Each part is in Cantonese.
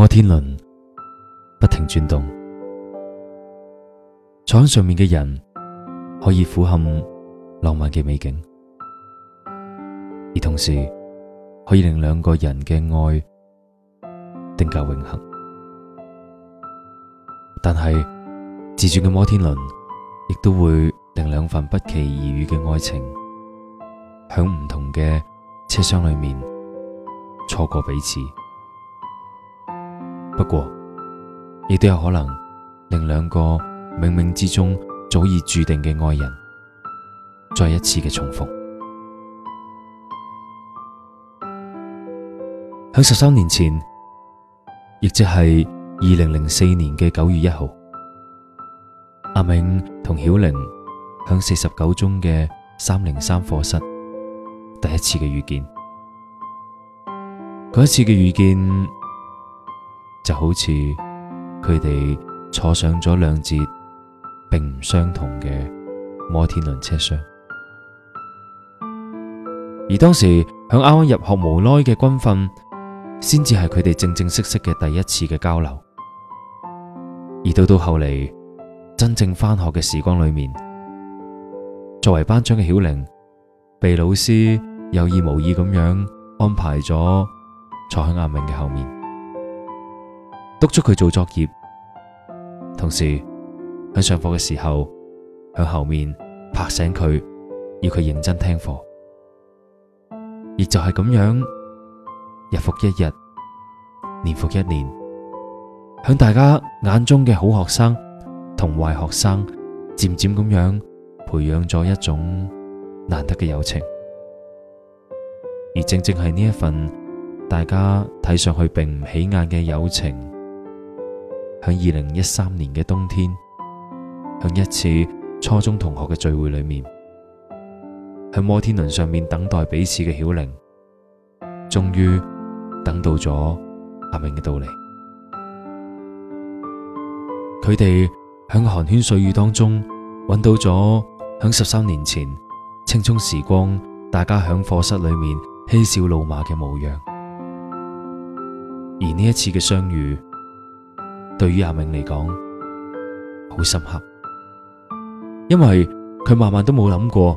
摩天輪不停轉動，坐喺上面嘅人可以俯瞰浪漫嘅美景，而同時可以令兩個人嘅愛定格永恒。但係自轉嘅摩天輪亦都會令兩份不期而遇嘅愛情響唔同嘅車廂裏面錯過彼此。不過，亦都有可能令兩個冥冥之中早已注定嘅愛人，再一次嘅重逢。響十三年前，亦即係二零零四年嘅九月一號，阿明同曉玲響四十九中嘅三零三課室第一次嘅遇見。嗰一次嘅遇見。就好似佢哋坐上咗兩節並唔相同嘅摩天輪車廂，而當時響啱啱入學無耐嘅軍訓，先至係佢哋正正式式嘅第一次嘅交流。而到到後嚟真正翻學嘅時光裏面，作為班長嘅曉玲，被老師有意無意咁樣安排咗坐喺阿明嘅後面。督促佢做作業，同時喺上課嘅時候喺後面拍醒佢，要佢認真聽課。亦就係咁樣，日復一日，年復一年，向大家眼中嘅好學生同壞學生，漸漸咁樣培養咗一種難得嘅友情。而正正係呢一份大家睇上去並唔起眼嘅友情。喺二零一三年嘅冬天，喺一次初中同學嘅聚會裏面，喺摩天輪上面等待彼此嘅曉玲，終於等到咗阿明嘅到嚟。佢哋喺寒暄歲月當中，揾到咗響十三年前青蔥時光，大家響課室裏面嬉笑怒罵嘅模樣。而呢一次嘅相遇。對於阿明嚟講，好深刻，因為佢萬萬都冇諗過，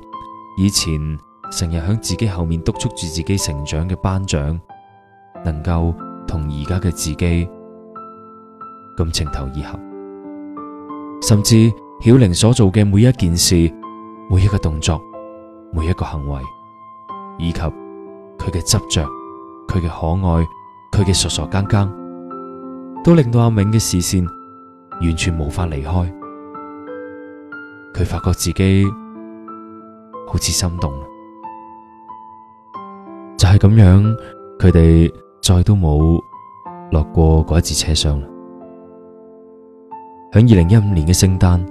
以前成日響自己後面督促住自己成長嘅班長，能夠同而家嘅自己咁情投意合，甚至曉玲所做嘅每一件事、每一個動作、每一個行為，以及佢嘅執着、佢嘅可愛、佢嘅傻傻更更。都令到阿明嘅視線完全無法離開，佢發覺自己好似心動，就係、是、咁樣，佢哋再都冇落過嗰一節車廂啦。響二零一五年嘅聖誕，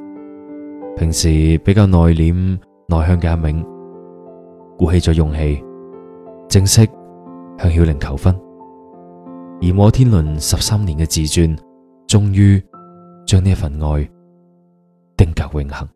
平時比較內斂內向嘅阿明，鼓起咗勇氣，正式向曉玲求婚。而摩天輪十三年的自轉，終於將呢份愛定格永恆。